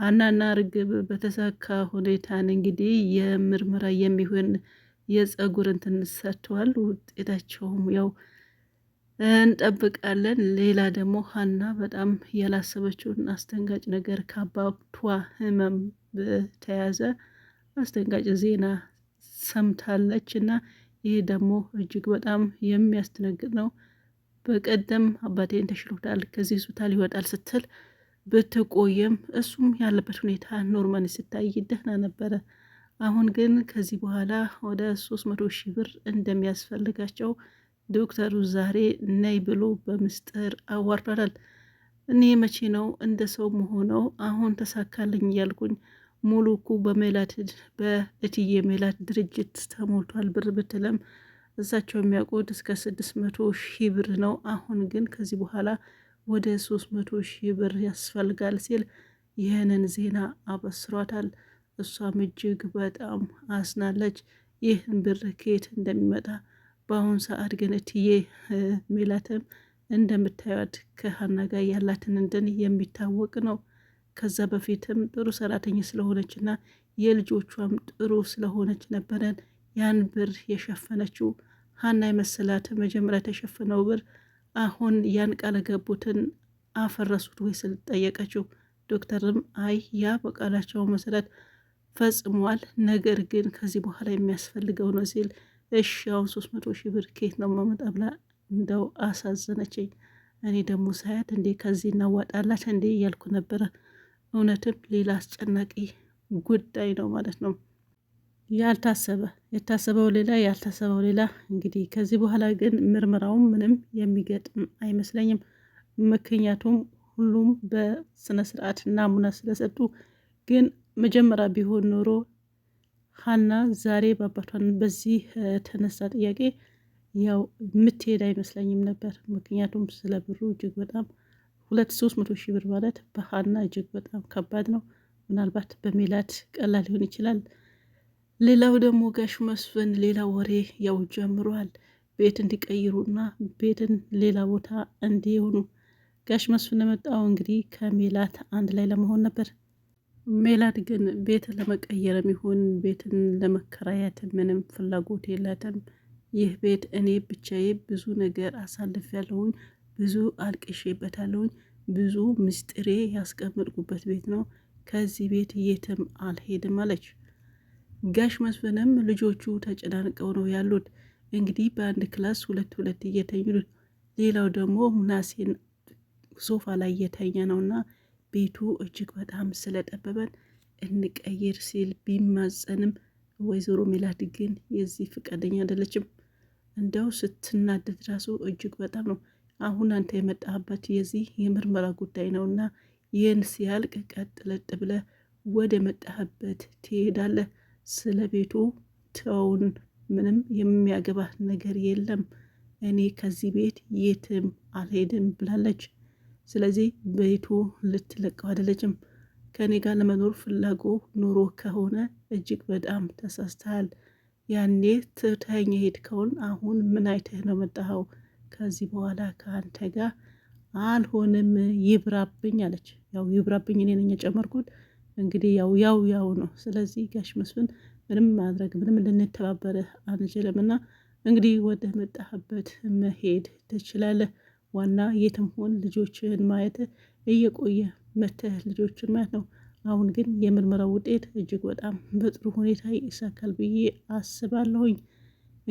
ሀናና ርግብ በተሳካ ሁኔታን እንግዲህ የምርመራ የሚሆን የጸጉር እንትን ሰጥተዋል። ውጤታቸውም ያው እንጠብቃለን። ሌላ ደግሞ ሀና በጣም ያላሰበችውን አስደንጋጭ ነገር ከአባቷ ህመም በተያዘ አስደንጋጭ ዜና ሰምታለች እና ይህ ደግሞ እጅግ በጣም የሚያስደነግጥ ነው። በቀደም አባቴን ተሽሎታል ከዚህ ሆስፒታል ይወጣል ስትል ብትቆየም እሱም ያለበት ሁኔታ ኖርማል ስታይ ደህና ነበረ። አሁን ግን ከዚህ በኋላ ወደ 300 ሺህ ብር እንደሚያስፈልጋቸው ዶክተሩ ዛሬ ነይ ብሎ በምስጢር አዋርዷታል። እኔ መቼ ነው እንደ ሰው መሆነው አሁን ተሳካልኝ እያልኩኝ ሙሉ እኮ በሜላት በእትዬ ሜላት ድርጅት ተሞልቷል ብር ብትለም እሳቸው የሚያውቁት እስከ ስድስት መቶ ሺህ ብር ነው። አሁን ግን ከዚህ በኋላ ወደ 300 ሺህ ብር ያስፈልጋል ሲል ይህንን ዜና አበስሯታል። እሷም እጅግ በጣም አስናለች። ይህን ብር ከየት እንደሚመጣ በአሁኑ ሰዓት ግን እትዬ ሜላትም እንደምታዩት ከሀና ጋር ያላትን እንትን የሚታወቅ ነው። ከዛ በፊትም ጥሩ ሰራተኛ ስለሆነች እና የልጆቿም ጥሩ ስለሆነች ነበረን ያን ብር የሸፈነችው ሀና የመሰላት መጀመሪያ የተሸፈነው ብር አሁን ያን ቃል ገቡትን አፈረሱት ወይ ስል ጠየቀችው። ዶክተርም አይ ያ በቃላቸው መሰረት ፈጽሟል፣ ነገር ግን ከዚህ በኋላ የሚያስፈልገው ነው ሲል እሺ አሁን ሶስት መቶ ሺህ ብር ኬት ነው ማመጣ ብላ እንደው አሳዘነችኝ። እኔ ደግሞ ሳያት እንዴ ከዚህ እናዋጣላት እንዴ እያልኩ ነበረ። እውነትም ሌላ አስጨናቂ ጉዳይ ነው ማለት ነው። ያልታሰበ የታሰበው ሌላ ያልታሰበው ሌላ። እንግዲህ ከዚህ በኋላ ግን ምርመራውም ምንም የሚገጥም አይመስለኝም። ምክንያቱም ሁሉም በስነ ስርዓት ናሙና ስለሰጡ። ግን መጀመሪያ ቢሆን ኖሮ ሀና ዛሬ በአባቷን በዚህ ተነሳ ጥያቄ ያው የምትሄድ አይመስለኝም ነበር። ምክንያቱም ስለ ብሩ እጅግ በጣም ሁለት ሶስት መቶ ሺህ ብር ማለት በሀና እጅግ በጣም ከባድ ነው። ምናልባት በሜላት ቀላል ሊሆን ይችላል ሌላው ደግሞ ጋሽ መስፍን ሌላ ወሬ ያው ጀምሯል። ቤት እንዲቀይሩና ቤትን ሌላ ቦታ እንዲሆኑ ጋሽ መስፍን የመጣው እንግዲህ ከሜላት አንድ ላይ ለመሆን ነበር። ሜላት ግን ቤት ለመቀየር የሚሆን ቤትን ለመከራየት ምንም ፍላጎት የላትም። ይህ ቤት እኔ ብቻዬ ብዙ ነገር አሳልፍ ያለውኝ ብዙ አልቅሼበት ያለውን ብዙ ምስጢሬ ያስቀመጥኩበት ቤት ነው። ከዚህ ቤት የትም አልሄድም አለች። ጋሽ መስፍንም ልጆቹ ተጨናንቀው ነው ያሉት። እንግዲህ በአንድ ክላስ ሁለት ሁለት እየተኙ ሌላው ደግሞ ሙናሴን ሶፋ ላይ ነው ነውና ቤቱ እጅግ በጣም ስለጠበበን እንቀይር ሲል ቢማጸንም ወይዘሮ ሜላት ግን የዚህ ፍቃደኛ አይደለችም። እንደው ስትናደድ ራሱ እጅግ በጣም ነው። አሁን አንተ የመጣህበት የዚህ የምርመራ ጉዳይ ነውና ይህን ሲያልቅ ቀጥ ለጥ ብለህ ወደ መጣህበት ትሄዳለህ። ስለ ቤቱ ተውን፣ ምንም የሚያገባ ነገር የለም፣ እኔ ከዚህ ቤት የትም አልሄድም ብላለች። ስለዚህ ቤቱ ልትለቀው አይደለችም። ከእኔ ጋር ለመኖር ፍላጎ ኑሮ ከሆነ እጅግ በጣም ተሳስተሃል። ያኔ ትተኸኝ ሄድከውን አሁን ምን አይተህ ነው መጣኸው? ከዚህ በኋላ ከአንተ ጋር አልሆንም፣ ይብራብኝ አለች። ያው ይብራብኝ እኔ ነኝ የጨመርኩት እንግዲህ ያው ያው ያው ነው። ስለዚህ ጋሽ መስፍን ምንም ማድረግ ምንም ልንተባበር አንችልም እና እንግዲህ ወደ መጣህበት መሄድ ትችላለህ። ዋና የትም ሆን ልጆችህን ማየት እየቆየ መተህ ልጆችን ማለት ነው። አሁን ግን የምርመራው ውጤት እጅግ በጣም በጥሩ ሁኔታ ይሳካል ብዬ አስባለሁኝ።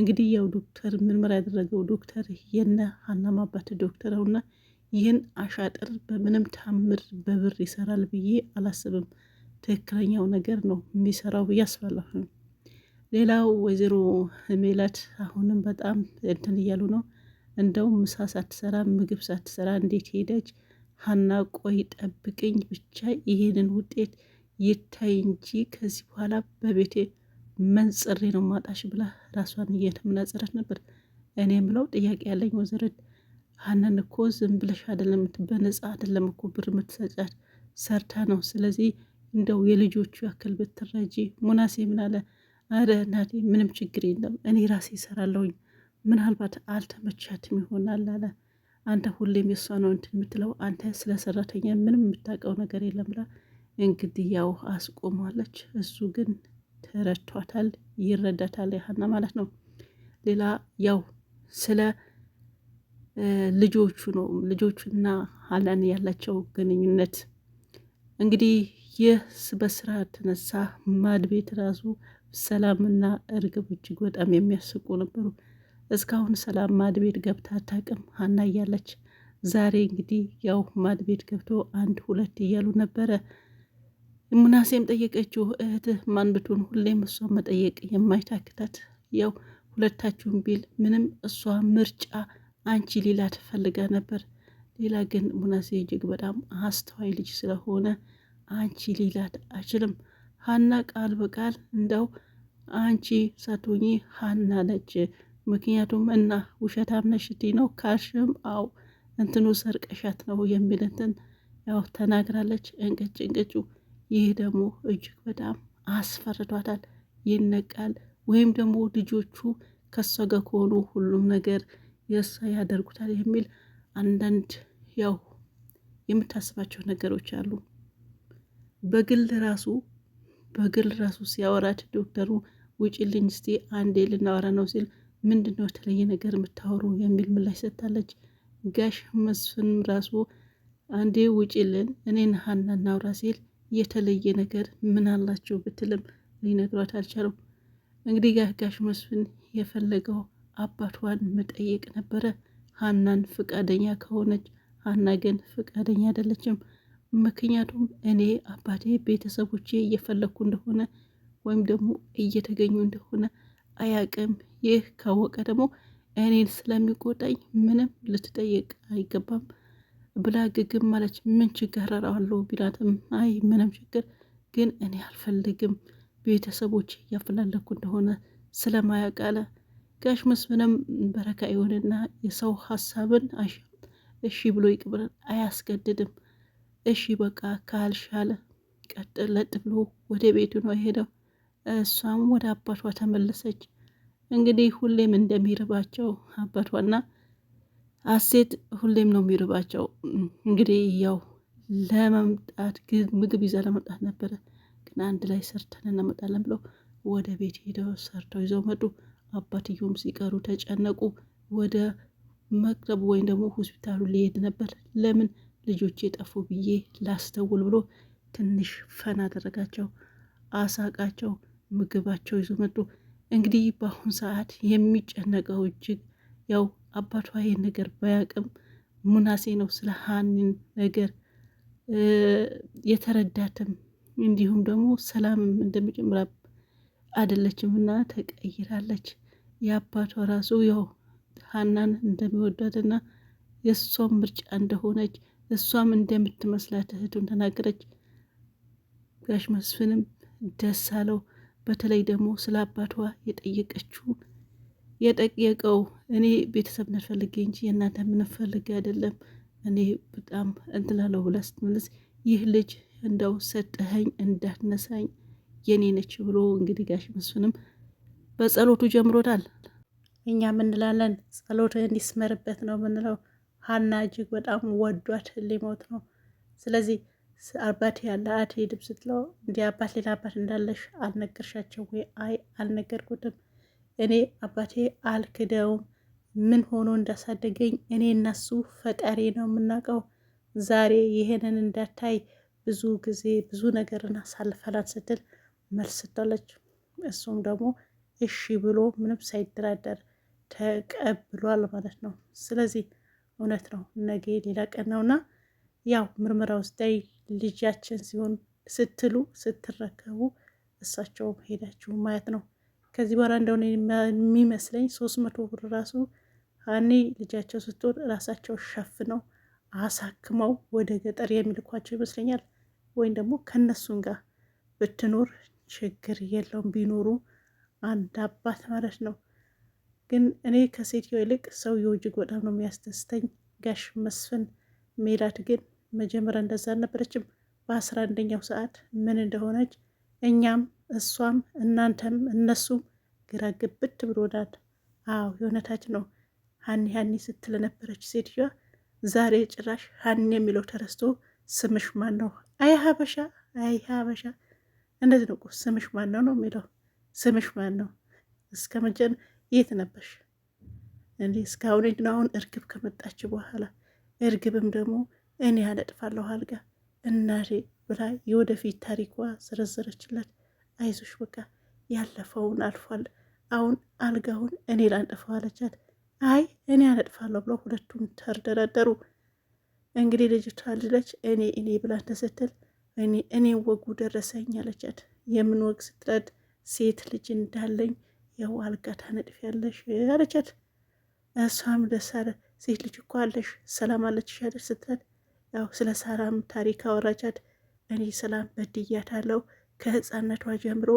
እንግዲህ ያው ዶክተር ምርመራ ያደረገው ዶክተር የነ አናማባት ዶክተር ዶክተር ነውና ይህን አሻጥር በምንም ታምር በብር ይሰራል ብዬ አላስብም። ትክክለኛው ነገር ነው የሚሰራው ብዬ አስባለሁ። ሌላው ወይዘሮ ሜላት አሁንም በጣም እንትን እያሉ ነው። እንደውም ምሳ ሳትሰራ ምግብ ሳትሰራ እንዴት ሄደች? ሀና ቆይ ጠብቅኝ ብቻ ይሄንን ውጤት ይታይ እንጂ ከዚህ በኋላ በቤቴ መንጽሬ ነው ማጣሽ ብላ ራሷን እየተመናጸረች ነበር። እኔ ምለው ጥያቄ ያለኝ ወዘረድ ሀናን እኮ ዝም ብለሽ አይደለም በነጻ አደለም እኮ ብር የምትሰጫት ሰርታ ነው። ስለዚህ እንደው የልጆቹ ያክል ብትረጂ። ሙናሴ ምን አለ? አረ እናቴ ምንም ችግር የለም እኔ ራሴ ይሰራለሁኝ፣ ምናልባት አልተመቻትም ይሆናል አለ። አንተ ሁሌም የእሷ ነው እንትን የምትለው አንተ ስለ ሰራተኛ ምንም የምታውቀው ነገር የለም ብላ እንግዲህ ያው አስቆሟለች። እሱ ግን ተረቷታል፣ ይረዳታል ያህና ማለት ነው። ሌላ ያው ስለ ልጆቹ ነው ልጆቹና ሀናን ያላቸው ግንኙነት እንግዲህ ይህ በስራ የተነሳ ቤት ራሱ ሰላምና እርግብ እጅግ በጣም የሚያስቁ ነበሩ። እስካሁን ሰላም ማድ ቤት ገብታ አታውቅም ሀና እያለች ዛሬ እንግዲህ ያው ቤት ገብቶ አንድ ሁለት እያሉ ነበረ። ሙናሴም ጠየቀችው፣ እህትህ ማን ብትሆን ሁሌም እሷ መጠየቅ የማይታክታት ያው ሁለታችሁን ቢል ምንም እሷ ምርጫ አንቺ ሌላ ትፈልጋ ነበር። ሌላ ግን ሙናሴ እጅግ በጣም አስተዋይ ልጅ ስለሆነ አንቺ ሊላት አይችልም። ሀና ቃል በቃል እንደው አንቺ ሳትሆኚ ሀና ነች። ምክንያቱም እና ውሸታም ነሽ ነው ካልሽም፣ አው እንትኑ ሰርቀሻት ነው የሚል እንትን ያው ተናግራለች። እንቅጭ እንቅጩ። ይህ ደግሞ እጅግ በጣም አስፈርዷታል። ይነቃል ወይም ደግሞ ልጆቹ ከሰገ ጋር ከሆኑ ሁሉም ነገር የእሷ ያደርጉታል የሚል አንዳንድ ያው የምታስባቸው ነገሮች አሉ። በግል ራሱ በግል ራሱ ሲያወራት ዶክተሩ ውጭልኝ እስቲ አንዴ ልናወራ ነው ሲል ምንድን ነው የተለየ ነገር የምታወሩ የሚል ምላሽ ሰጥታለች። ጋሽ መስፍንም ራሱ አንዴ ውጭልን እኔን ሀና እናውራ ሲል የተለየ ነገር ምን አላቸው ብትልም ሊነግሯት አልቻሉም። እንግዲህ ጋሽ መስፍን የፈለገው አባቷን መጠየቅ ነበረ፣ ሀናን ፈቃደኛ ከሆነች ሀና ግን ፍቃደኛ አይደለችም። ምክንያቱም እኔ አባቴ ቤተሰቦቼ እየፈለግኩ እንደሆነ ወይም ደግሞ እየተገኙ እንደሆነ አያቅም። ይህ ካወቀ ደግሞ እኔን ስለሚቆጣኝ ምንም ልትጠየቅ አይገባም ብላ ግግም ማለች። ምን ችግር አለው ቢላትም አይ ምንም ችግር ግን እኔ አልፈልግም ቤተሰቦች እያፈላለኩ እንደሆነ ስለማያቃለ ጋሽ መስፍንም በረካ ይሆንና የሰው ሀሳብን እሺ ብሎ ይቅብረን አያስገድድም። እሺ በቃ ካልሻለ ቀጥ ለጥ ብሎ ወደ ቤቱ ነው የሄደው። እሷም ወደ አባቷ ተመለሰች። እንግዲህ ሁሌም እንደሚርባቸው አባቷና አሴት ሁሌም ነው የሚርባቸው። እንግዲህ ያው ለመምጣት ምግብ ይዛ ለመምጣት ነበረ፣ ግን አንድ ላይ ሰርተን እንመጣለን ብለው ወደ ቤት ሄደው ሰርተው ይዘው መጡ። አባትየውም ሲቀሩ ተጨነቁ። ወደ መቅረቡ ወይም ደግሞ ሆስፒታሉ ሊሄድ ነበር። ለምን ልጆቼ ጠፉ ብዬ ላስተውል ብሎ ትንሽ ፈን አደረጋቸው፣ አሳቃቸው፣ ምግባቸው ይዞ መጡ። እንግዲህ በአሁን ሰዓት የሚጨነቀው እጅግ ያው አባቷ ይህን ነገር ባያቅም ሙናሴ ነው ስለ ሀኒን ነገር የተረዳትም እንዲሁም ደግሞ ሰላምም እንደሚጨምራ አይደለችም እና ተቀይራለች። የአባቷ ራሱ ያው ሀናን እንደሚወዳትና የእሷም ምርጫ እንደሆነች እሷም እንደምትመስላት እህቱን ተናገረች። ጋሽ መስፍንም ደስ አለው። በተለይ ደግሞ ስለ አባቷ የጠየቀችው የጠየቀው እኔ ቤተሰብ ፈልጌ እንጂ የእናንተ ምንም አይደለም እኔ በጣም እንትላለው ብላ ስትመልስ ይህ ልጅ እንደው ሰጠኸኝ እንዳትነሳኝ የኔ ነች ብሎ እንግዲህ ጋሽ መስፍንም በጸሎቱ ጀምሮታል። እኛ ምንላለን ጸሎት እንዲስመርበት ነው ምንለው። ሀና እጅግ በጣም ወዷት ሊሞት ነው። ስለዚህ አባት ያለ አትሄድም ስትለው እንዲህ አባት ሌላ አባት እንዳለሽ አልነገርሻቸው ወይ? አይ አልነገርኩትም። እኔ አባቴ አልክደውም። ምን ሆኖ እንዳሳደገኝ እኔ እናሱ ፈጣሪ ነው የምናውቀው። ዛሬ ይሄንን እንዳታይ ብዙ ጊዜ ብዙ ነገር እናሳልፈናል ስትል መልስ ስታለች፣ እሱም ደግሞ እሺ ብሎ ምንም ሳይደራደር ተቀብሏል ማለት ነው። ስለዚህ እውነት ነው፣ ነገ ሌላ ቀን ነውና ያው ምርመራ ውስጥ ልጃችን ሲሆን ስትሉ ስትረከቡ እሳቸው ሄዳችሁ ማየት ነው። ከዚህ በኋላ እንደሆነ የሚመስለኝ ሶስት መቶ ብር ራሱ እኔ ልጃቸው ስትወር ራሳቸው ሸፍነው አሳክመው ወደ ገጠር የሚልኳቸው ይመስለኛል። ወይም ደግሞ ከነሱን ጋር ብትኖር ችግር የለውም ቢኖሩ አንድ አባት ማለት ነው። ግን እኔ ከሴትዮ ይልቅ ሰውየው እጅግ በጣም ነው የሚያስደስተኝ። ጋሽ መስፍን ሜላት ግን መጀመሪያ እንደዛ አልነበረችም። በአስራ አንደኛው ሰዓት ምን እንደሆነች እኛም እሷም እናንተም እነሱም ግራ ግብት ብሎናል። አዎ የእውነታችን ነው ሀኒ ሀኒ ስትል ነበረች ሴትዮዋ። ዛሬ ጭራሽ ሀኒ የሚለው ተረስቶ ስምሽ ማን ነው? አይ ሀበሻ፣ አይ ሀበሻ እንደዚህ ነው። ስምሽ ማን ነው ነው የሚለው ስምሽ ማን ነው እስከ መቼ የት ነበርሽ? እንዲህ እስካሁን ግን አሁን እርግብ ከመጣች በኋላ እርግብም ደግሞ እኔ ያነጥፋለሁ አልጋ እናቴ ብላ የወደፊት ታሪኳ ዘረዘረችለት። አይዞሽ በቃ ያለፈውን አልፏል፣ አሁን አልጋውን እኔ ላንጥፈው አለቻት። አይ እኔ አነጥፋለሁ ብለው ሁለቱም ተርደረደሩ። እንግዲህ ልጅቷ ልለች እኔ እኔ ብላ ተሰተል እኔ እኔ ወጉ ደረሰኝ አለቻት። የምን ወግ ስትረድ ሴት ልጅ እንዳለኝ ያው አልጋ ያለሽ አለቻት። እሷም ለሳራ ሴት ልጅ እኮ አለሽ ሰላም አለችሽ አለች ስትላት፣ ያው ስለ ሳራም ታሪክ አወራቻት። እኔ ሰላም በድያታለሁ ከህፃነቷ ጀምሮ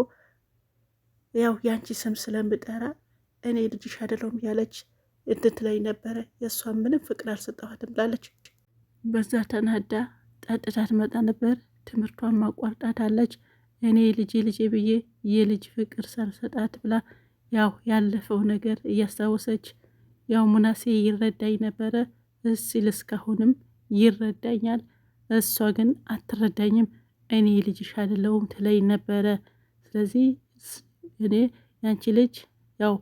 ያው ያንቺ ስም ስለምጠራ እኔ ልጅሽ አይደለሁም ያለች እንድት ላይ ነበረ። የእሷ ምንም ፍቅር አልሰጠኋትም ብላለች። በዛ ተናዳ ጠጥታት መጣ ነበር። ትምህርቷን ማቋርጣት አለች። እኔ ልጄ ልጄ ብዬ የልጅ ፍቅር ሳልሰጣት ብላ ያው ያለፈው ነገር እያስታወሰች ያው ሙናሴ ይረዳኝ ነበረ እሲል እስካሁንም ይረዳኛል፣ እሷ ግን አትረዳኝም፣ እኔ ልጅሽ አይደለሁም ትለይ ነበረ። ስለዚህ እኔ ያንቺ ልጅ ያው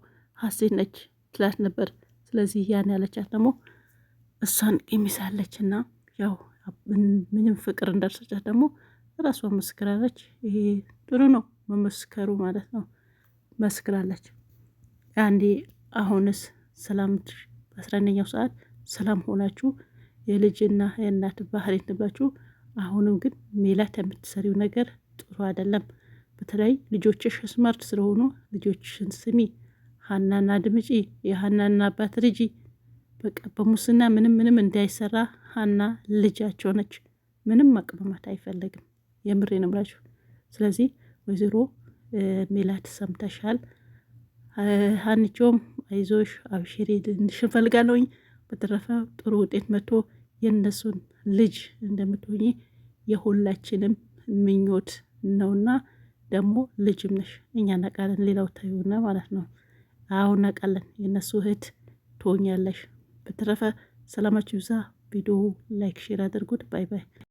ሀሴት ነች ትላት ነበር። ስለዚህ ያን ያለቻት ደግሞ እሷን የሚሳለች እና ያው ምንም ፍቅር እንዳርሰቻት ደግሞ ራሷ መስክራለች። ይሄ ጥሩ ነው መመስከሩ ማለት ነው። መስክራለች። አንዴ አሁንስ ሰላም በአስራ አንደኛው ሰዓት ሰላም ሆናችሁ የልጅና የእናት ባህሪ ንብላችሁ። አሁንም ግን ሜላት የምትሰሪው ነገር ጥሩ አይደለም። በተለይ ልጆችሽ ስማርት ስለሆኑ ልጆችሽን ስሚ፣ ሀናና ድምጪ፣ የሀናና አባት ልጂ በቃ በሙስና ምንም ምንም እንዳይሰራ። ሀና ልጃቸው ነች። ምንም አቅማማት አይፈለግም። የምሬ ነው ብላችሁ ስለዚህ ወይዘሮ ሜላት ሰምተሻል። ሀንቾም አይዞሽ አብሽሪ ልንሽ እንፈልጋለሁኝ። በተረፈ ጥሩ ውጤት መጥቶ የእነሱን ልጅ እንደምትሆኚ የሁላችንም ምኞት ነውና ደግሞ ልጅም ነሽ እኛ ነቃለን። ሌላው ታዩና ማለት ነው። አሁን ነቃለን የእነሱ እህት ትሆኛለሽ። በተረፈ ሰላማችሁ ይብዛ። ቪዲዮ ላይክ፣ ሼር አድርጉት። ባይ ባይ።